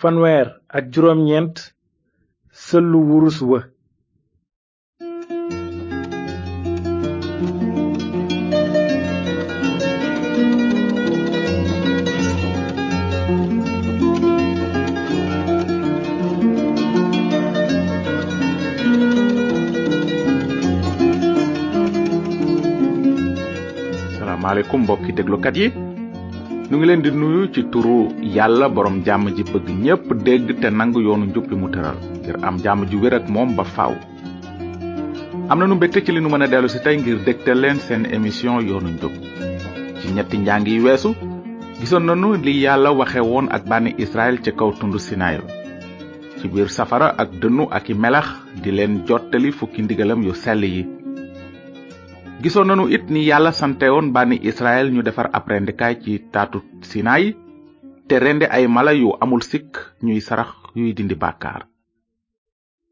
fanweer ak juróom-ñeent sëllu wurus wa déglukat yu ngi leen di nuyu ci turu yàlla boroom jàmm ji bëgg ñépp dégg te nangu yoonu njub bi mu tëral ngir am jàmm ju wér ak moom ba faw am na nu mbégte ci li nu mën a dellu si tey ngir dégtal leen seen émission yoonu njub ci ñetti njàng yi weesu gisoon nañu li yàlla waxe woon ak bànni Israël ca kaw tund Sinaay ci biir safara ak dënnu ak i melax di leen jottali fukki ndigalam yu sell yi gisoon nañu it ni yàlla sante woon bànni israel ñu defar ab rendikaay ci taatu sinaay te rendi ay mala yu amul sikk ñuy sarax yuy dindi bàkkaar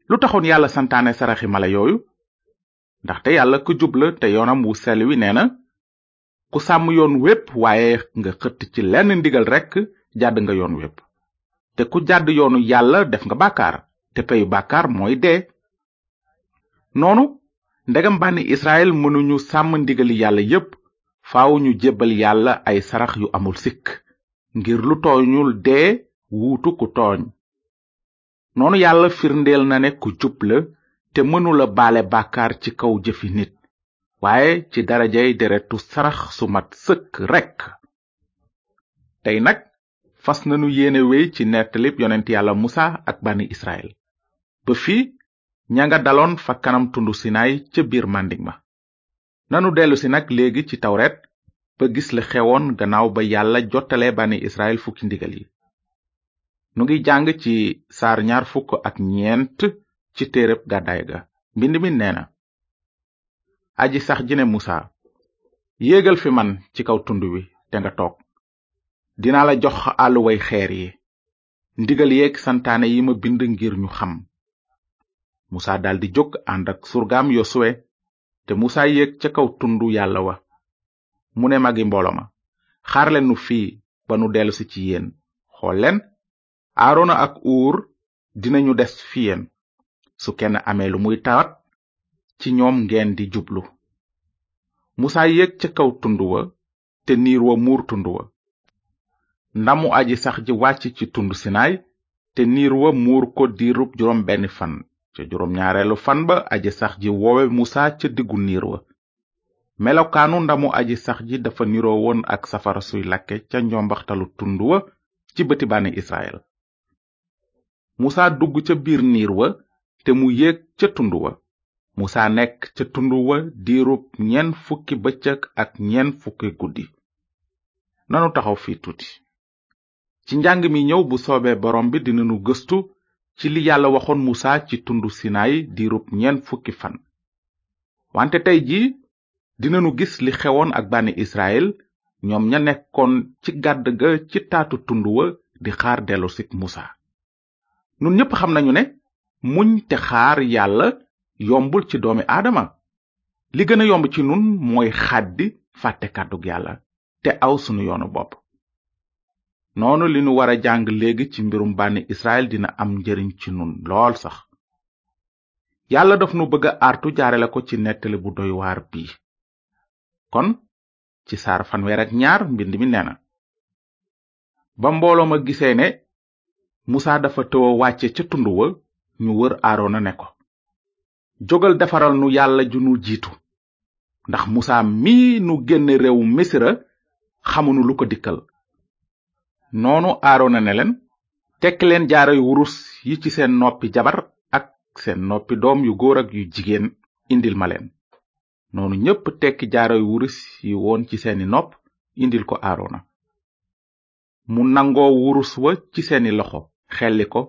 lu taxoon yàlla santaane saraxi mala yooyu ndaxte yàlla ku jubla te yoonam wu sel wi nee na ku sàmm yoon wépp waaye nga xëtt ci lenn ndigal rekk jàdd nga yoon wépp te ku jàdd yoonu yàlla def nga bàkkaar te peyu bàkkaar mooy dee noonu ndegam bànni israel mënuñu sàmm ndigali yàlla yépp faaw ñu jébbal yàlla ay sarax yu amul sikk ngir lu tooñul dee wuutu ku tooñ noonu yàlla firndeel na ne ku jub la te mënula baale bàkkaar ci kaw jëfi nit waaye ci darajay deretu sarax su mat sëkk rekk tey nag fas nanu yéene wey ci nettalib yonent yàlla musa ak bànni israel ba fii ña nga daloon fa kanam tundu sinaay ca biir màndik ma nanu dellusi nag léegi ci tawret ba gis la xewoon gannaaw ba yàlla jottale bani israel fukki ndigal yi nu ngi jàng ci saar ñaar fukk ak ñeent ci téereb gàddaay ga mbind mi nee na aji sax ji ne musa yéegal fi man ci kaw tund wi te nga toog dinaa la jox àlluway xeer yi ndigal yeeg santaane yi ma bind ngir ñu xam musa daldi jóg ànd ak surgaam yosuwe te musa yéeg ca kaw tundu yàlla wa mu ne magi mbooloo ma xaarleen nu fii ba nu dellusi ci yéen xool leen aarona ak uur ñu des fi yéen su kenn amee lu muy tawat ci ñoom ngeen di jublu musa yéeg ca kaw tund wa te niir wa muur tund wa ndamu aji sax ji wàcc ci tund sinaay te niir wa muur ko diirub juróom benn fan ca juróom ñaareelu fan ba aji sax ji woowe musa ca diggu niir wa melokaanu ndamu aji sax ji dafa niroo woon ak safara suy lakke ca njombaxtalu tund wa ci bëti bànni israel musa dugg ca biir niir wa te mu yéeg ca tund wa musa nekk ca tund wa diirub ñeent fukki bëccëg ak ñeent fukki guddi nanu taxaw fi tuuti ci njàng mi ñëw bu soobee borom bi dinanu gëstu ci li yàlla waxoon musa ci tundu sinaay diirub ñeent fukki fan wante tey jii dina dinanu gis li xewoon ak bànni israel ñoom ña nekkoon ci gàdd ga ci taatu tund wa di xaar dellusik musa nun ñépp xam nañu ne muñ te xaar yàlla yombul ci doomi aadama li gën a yomb ci nun mooy xàddi fàtte kàddug yàlla te aw sunu yoonu bopp noonu li nu war a jàng léegi ci mbirum bànni israel dina am njariñ ci nun lool sax yàlla daf nu bëgg a artu jaarale ko ci nettali bu doy waar bii kon ci saar fanweer ak ñaar mbind mi nee na ba mbooloo ma gisee ne musa dafa tëwa wàcce ca tund wa ñu wër aarona ne ko jógal defaral nu yàlla ju nu jiitu ndax musa mi nu génn réewu misira xamunu lu ko dikkal noonu aarona ne leen tekki leen jaaro yu wurus yi ci seen noppi jabar ak seen noppi doom yu góor ak yu jigéen indil ma leen noonu ñépp tekki jaaro yu wurus yi woon ci seeni nopp indil ko aarona mu nangoo wurus wa ci seeni loxo xelli ko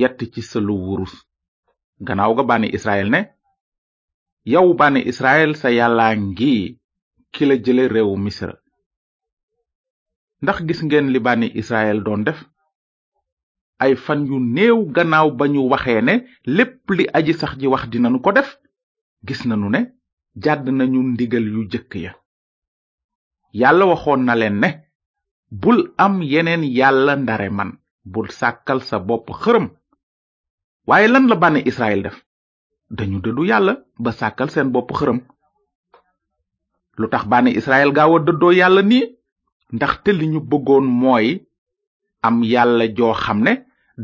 yett ci sëlu wurus gannaaw ga bànni israel ne yow bànni israel sa yàllaa ngi ki la jële réewu misra ndax gis ngeen li bànni israel doon def ay fan yu néew gannaaw ba ñu waxee ne lépp li aji sax ji wax dinanu ko def gis nanu ne jàdd nañu ndigal yu jëkk ya yàlla waxoon na leen ne bul am yeneen yàlla ndare man bu sàkkal sa bopp xërëm waaye lan la bànni israel def dañu dëddu yàlla ba sàkkal seen bopp xërëm lu tax bànni israel gaaw dëddoo yàlla nii ndaxte li ñu bëggoon mooy am yàlla joo xam ne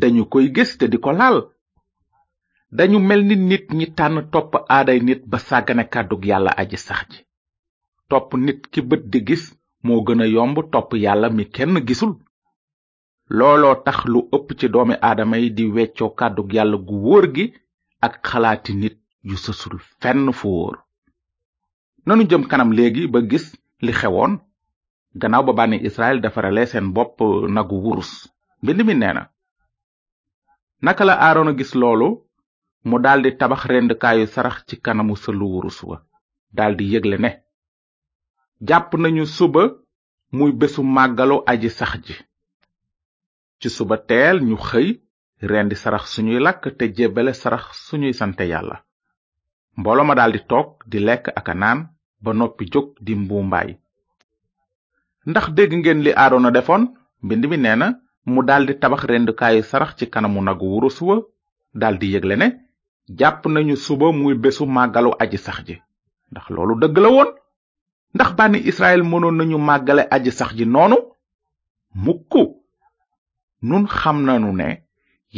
dañu koy gis te di ko laal dañu mel ni nit ñi tànn topp aaday nit ba sàggane kàddu yàlla aji sax ji topp nit ki bët di gis moo gën a yomb topp yàlla mi kenn gisul looloo tax lu ëpp ci doomi aadama yi di weccoo kàddu yàlla gu wóor gi ak xalaati nit yu sësul fenn fu wóor nanu jëm kanam léegi ba gis li xewoon gannaaw ba bànni israel defarale seen bopp nagu wurus mbind mi nee na naka la a gis loolu mu daldi tabax rendkaayu sarax ci kanamu sëlu wurus wa daldi yëgle ne jàpp nañu suba muy bésu màggalu aji sax ji ci suba teel ñu xëy rendi sarax suñuy lakk te jébbale sarax suñuy sante yàlla mbooloo ma daldi toog di lekk ak a naan ba noppi jóg di mbuumbaay ndax dégg ngeen li a defoon mbind mi nee na mu daldi tabax rendukaayu sarax ci kanamu nagu wurus wa daldi yëgle ne jàpp nañu suba muy bésu màggalu aji sax ji ndax loolu dëgg la woon ndax bànni israel mënoon nañu màggale aji sax ji noonu mukk nun xam nanu ne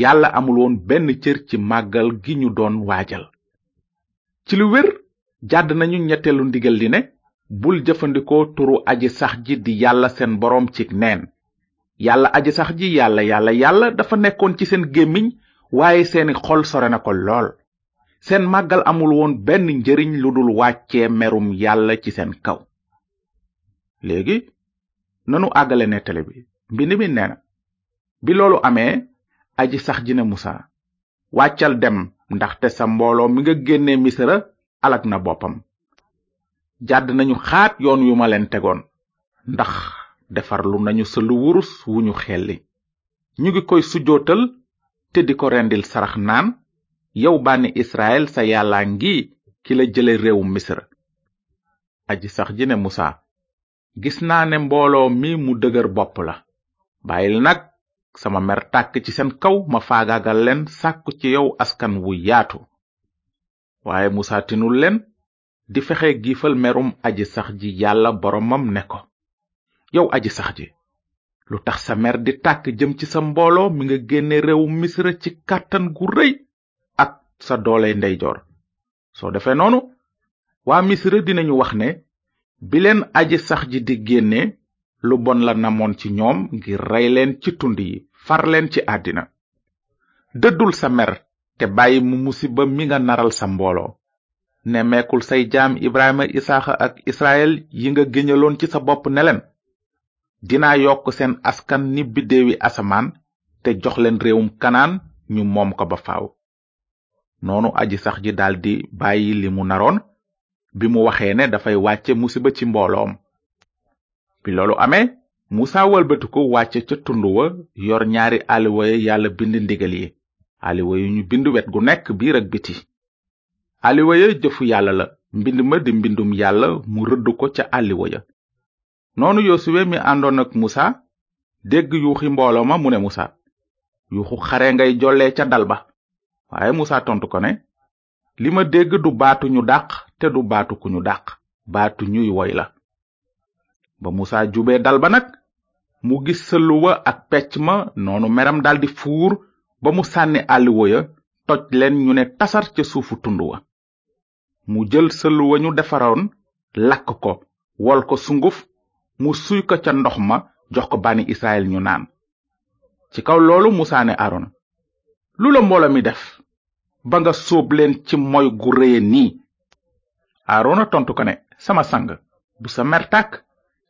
yàlla amul woon benn cër ci màggal gi ñu doon waajal ci lu wér jàdd nañu ñetteelu ndigal li ne bul jëfandikoo turu aji sax ji di yàlla seen boroom ci neen yàlla aji sax ji yàlla yàlla yàlla dafa nekkoon ci seen gémmiñ waaye seeni xol sore na ko lool seen màggal amul woon benn njëriñ lu dul wàccee merum yàlla ci seen kaw léegi nanu àggale nettali bi mbind mi nee bi loolu amee aji sax ji ne musa wàccal dem ndaxte sa mbooloo mi nga génnee misra alag na boppam jàdd nañu xaat yoon yu ma leen tegoon ndax defarlu nañu sa wurus wu ñu xelli ñu ngi koy sujjootal te di ko rendil sarax naan yow bànni israel sa yàllaa ngi ki la jële réewu misra aji sax ji ne musa gis naa ne mbooloo mi mu dëgër bopp la bàyyil nag sama mer tàkk ci seen kaw ma faagaagal leen sàkku ci yow askan wu yaatu waaye musa tinul leen di fexe giifal merum aji sax ji yàlla boromam ne ko yow aji sax ji lu tax sa mer di tàkk jëm ci sa mbooloo mi nga génne réewu misra ci kàttan gu rëy ak sa doole ndeyjoor soo defee noonu waa misra dinañu wax ne bi leen aji sax ji di génne lu bon la namoon ci ñoom ngir rey leen ci tund yi far leen ci àddina dëddul sa mer te bàyyi mu musiba mi nga naral sa mbooloo ne meekul say jaam ibrahima isaaxa ak israel yi nga géñaloon ci sa bopp ne leen dinaa yokk seen askan ni biddeewi asamaan te jox leen réewum kanaan ñu moom ko ba faw noonu aji sax ji daldi bàyyi li mu naroon bi mu waxee ne dafay wàcce musiba ci mbooloom bi loolu amee musa walbatiku wàcce ca tund wa yor ñaari aliwa ya yàlla bind ndigal yi aliwa yu ñu bind wet gu nekk biir ak biti aliwa ya jëfu yàlla la mbind ma di mbindum yàlla mu rëdd ko ca aliwa ya noonu yosuwe mi àndoon ak musa dégg yuuxi mbooloo ma mu ne musa yuuxu xare ngay jolle ca dal ba waaye musaa tontu ko ne li ma dégg du baatu ñu dàq te du baatu ku ñu dàq baatu ñuy woy la ba musaa jubee dal ba nag mu gis sëluwa ak pecc ma noonu meram daldi fuur ba mu sànni àlliwoya toj leen ñu ne tasar ca suufu tund wa mu jël sël wa ñu defaroon lakk ko wol ko sunguf mu suy ko ca ndox ma jox ko bani israel ñu naan ci kaw loolu musa ne aaron lu la mbooloo mi def ba nga sóob leen ci moy gu réye nii aarona tontu ko ne sama sang bu sa mer tàkk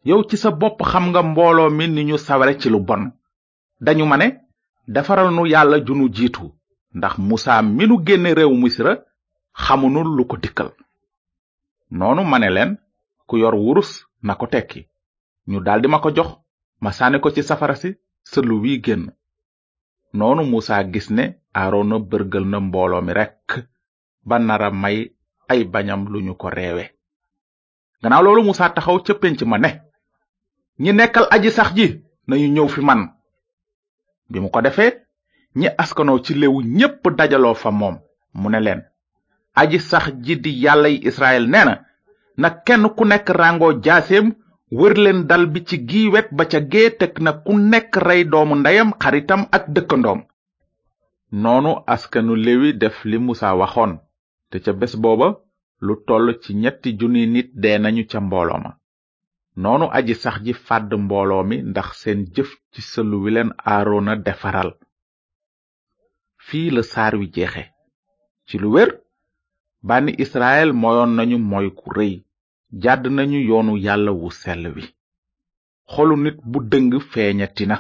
yow ci sa bopp xam nga mbooloo mi ni ñu saware ci lu bon dañu ma ne defaral nu yàlla ju nu jiitu ndax musa mi nu génne réew misra xamu xamunu lu ko dikkal noonu ma ne leen ku yor wurus na ko tekki ñu daldi ma ko jox ma sànni ko ci safara si sëlu wi génn noonu musa gis ne aarona bërgël na mbooloo mi rekk ba nara may ay bañam lu ñu ko reewe gannaaw loolu musa taxaw ca pénc ma ne ñi nekkal aji sax ji nañu ñëw fi man bi mu ko defee ñi askanoo ci léwu ñépp dajaloo fa moom mu ne leen aji sax ji di yàllay israel nee na kenn ku nekk rango jaaseem wërleen dal bi ci gii wet ba ca gee teg na ku nekk rey doomu ndeyam xaritam ak dëkkandoom noonu askanu lewi def li musa waxoon te ca bés booba lu toll ci ñetti junni nit dee nañu ca mbooloo ma noonu aji sax ji fàdd mbooloo mi ndax seen jëf ci sëlu wi leen aarona defaral fii la saar wi jeexe ci lu wér bànni israel moyoon nañu moy ku jàdd nañu yoonu yàlla wu sell wi xolu nit bu dëng feeñati na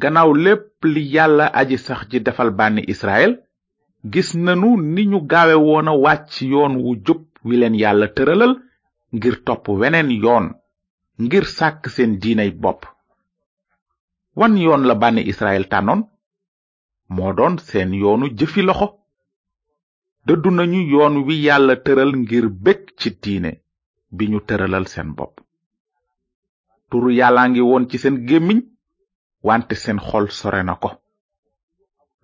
gannaaw lépp li yàlla aji sax ci defal bànni israel gis nanu ni ñu gaawe woon wàcc yoon wu jub wi leen yàlla tëralal ngir topp weneen yoon ngir sàkk seen diinay bopp wan yoon la bànni israel tànnoon moo doon seen yoonu jëfi loxo dëddu nañu yoon wi yàlla tëral ngir bég ci diine bi ñu tëralal seen bopp turu yàllaa ngi woon ci seen gémmiñ wante seen xol sore na ko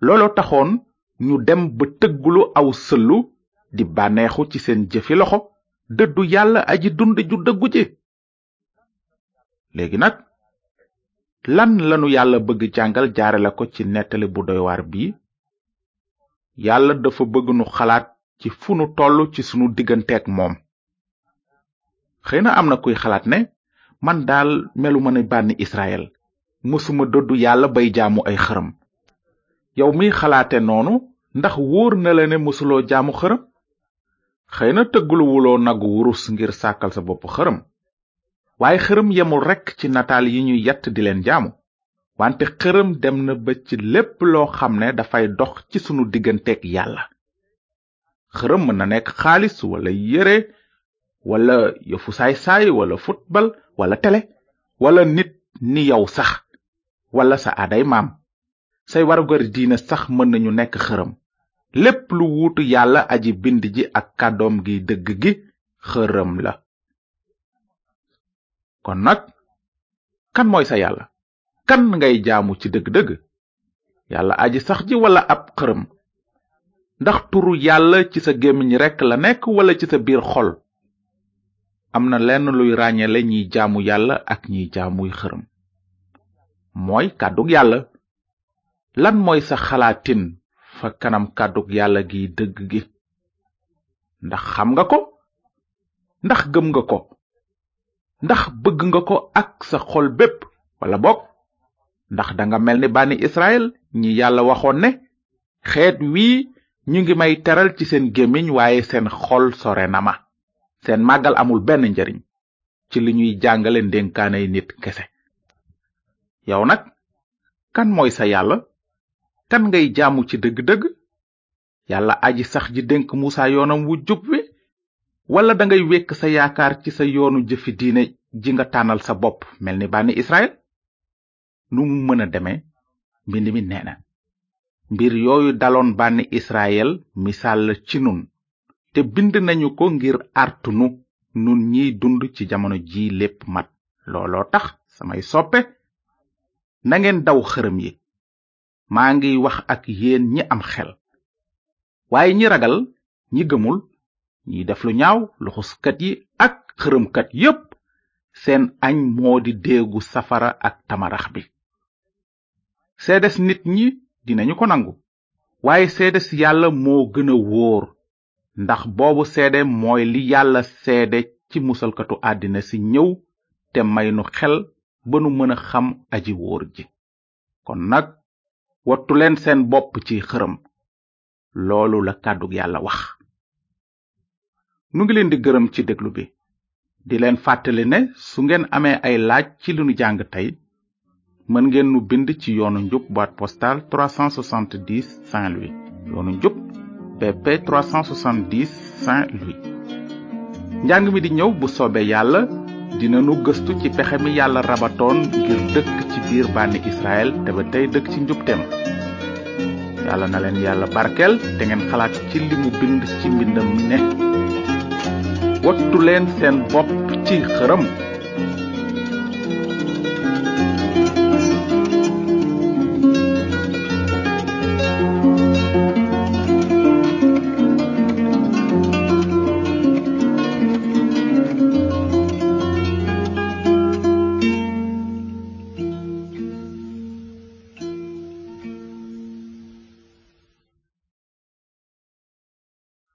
looloo taxoon ñu dem ba tëggulu aw sëlu di bànneexu ci seen jëfi loxo dëddu yàlla aji dund ju dëggu ji léegi nag lan lanu yàlla bëgg jàngal jaare ko ci nettali bu doy waar bii yàlla dafa bëgg nu xalaat ci fu nu toll ci sunu digganteeg moom xëy na am na kuy xalaat ne man daal meluma ne bànni israel mësuma doddu yàlla bay jaamu ay xërëm yow mi xalaate noonu ndax wóor na la ne mësuloo jaamu xërëm xëy na tëgguluwuloo nagu wurus ngir sàkkal sa bopp xërëm waaye xërëm yemul rekk ci nataal yi ñuy yatt di leen jaamu wante xërëm dem na ba ci lépp loo xam ne dafay dox ci sunu digganteeg yàlla xërëm mën na nekk xaalis walla yére wala yëfu saay-saay wala football wala tele wala nit ni yow sax wala sa aaday maam say warugar diine sax mën nañu nekk xërëm lépp lu wuutu yàlla aji bind ji ak kàddoom gi dëgg gi xërëm la kon nag kan mooy sa yàlla kan ngay jaamu ci dëgg-dëgg yàlla aji sax ji walla ab xërëm ndax turu yàlla ci sa gémmiñ rekk la nekk wala ci sa biir xol am na lenn luy ràññale ñiy jaamu yàlla ak ñiy jaamuy xërëm mooy kàddug yàlla lan mooy sa xalaatin fa kanam kàddug yàlla gi dëgg gi ndax xam nga ko ndax gëm nga ko ndax bëgg nga ko ak sa xol bépp walla bokk ndax danga mel ni bànni israel ñi yàlla waxoon ne xeet wii ñu ngi may teral ci seen gémmiñ waaye seen xol sore na ma seen màggal amul benn njariñ ci li ñuy jàngale ndénkaanay nit kese yow nag kan mooy sa yàlla kan ngay jaamu ci dëgg-dëgg yàlla aji sax ji dénk musa yoonam wu jub wi wala dangay wekk sa yaakaar ci sa yoonu jëfi diine ji nga tànnal sa bopp mel ni bànni israel nu mu mën a deme mbind mi nee na mbir yooyu daloon bànni israel misaal ci nun te bind nañu ko ngir artunu nun ñiy dund ci jamono ji lépp mat looloo tax samay soppe nangeen daw xërëm yi maa ngiy wax ak yéen ñi am xel waaye ñi ragal ñi gëmul ñi def lu ñaaw luxuskat yi ak xërëmkat yépp seen añ moo di déegu safara ak tamarax bi seedes nit ñi dinañu ko nangu waaye seedes yàlla moo gën a wóor ndax boobu seede mooy li yàlla seede ci musalkatu àddina si ñëw te may nu xel ba nu mën a xam aji wóor ji kon nag wattu leen seen bopp ci xërëm loolu la kàddu yàlla wax nu ngi leen di gërëm ci déglu bi di leen fàttali ne su ngeen amee ay laaj ci li nu jàng tey mën ngeen nu bind ci yoonu njub boîte postale 370 Saint-Louis yoonu njub BP 370 Saint-Louis. njàng mi di ñëw bu soobee yàlla dinanu gëstu ci pexe mi yàlla rabatoon ngir dëkk ci biir bànni Israël te ba tey dëkk ci njubteem yàlla na leen yàlla barkeel te ngeen xalaat ci li mu bind ci mbindam ne wattu leen seen bopp ci xërëm.